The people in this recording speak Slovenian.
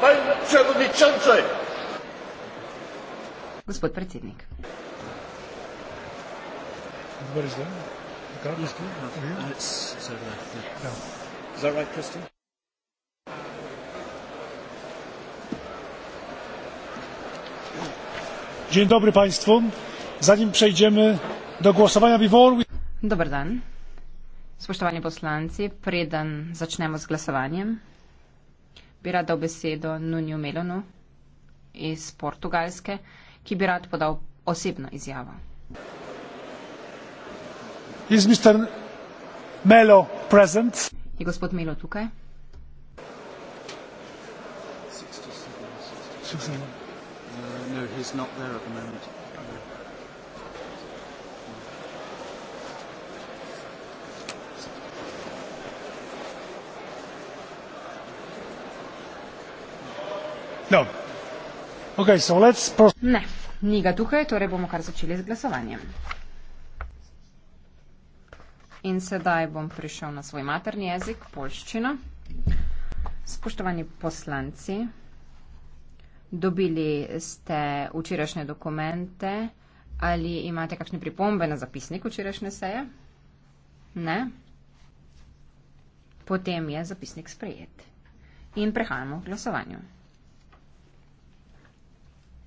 Pani przewodnicząca! Gospod predsednik. Mhm. Mhm. Ja. Dzień dobry Państwu. Zanim przejdziemy do głosowania, wywołuję. Dobry dan. Spoštovani poslanci, preden začnemo z glasovanjem, bi rad dal besedo Nunju Melonu iz Portugalske, ki bi rad podal osebno izjavo. Is Mr. Melo present? Je gospod Melo tukaj? Uh, no, he's not there at the moment. No. Okay, ne, ni ga tukaj, torej bomo kar začeli z glasovanjem. In sedaj bom prišel na svoj materni jezik, polščino. Spoštovani poslanci, dobili ste včerajšnje dokumente ali imate kakšne pripombe na zapisnik včerajšnje seje? Ne? Potem je zapisnik sprejet. In prehajamo k glasovanju.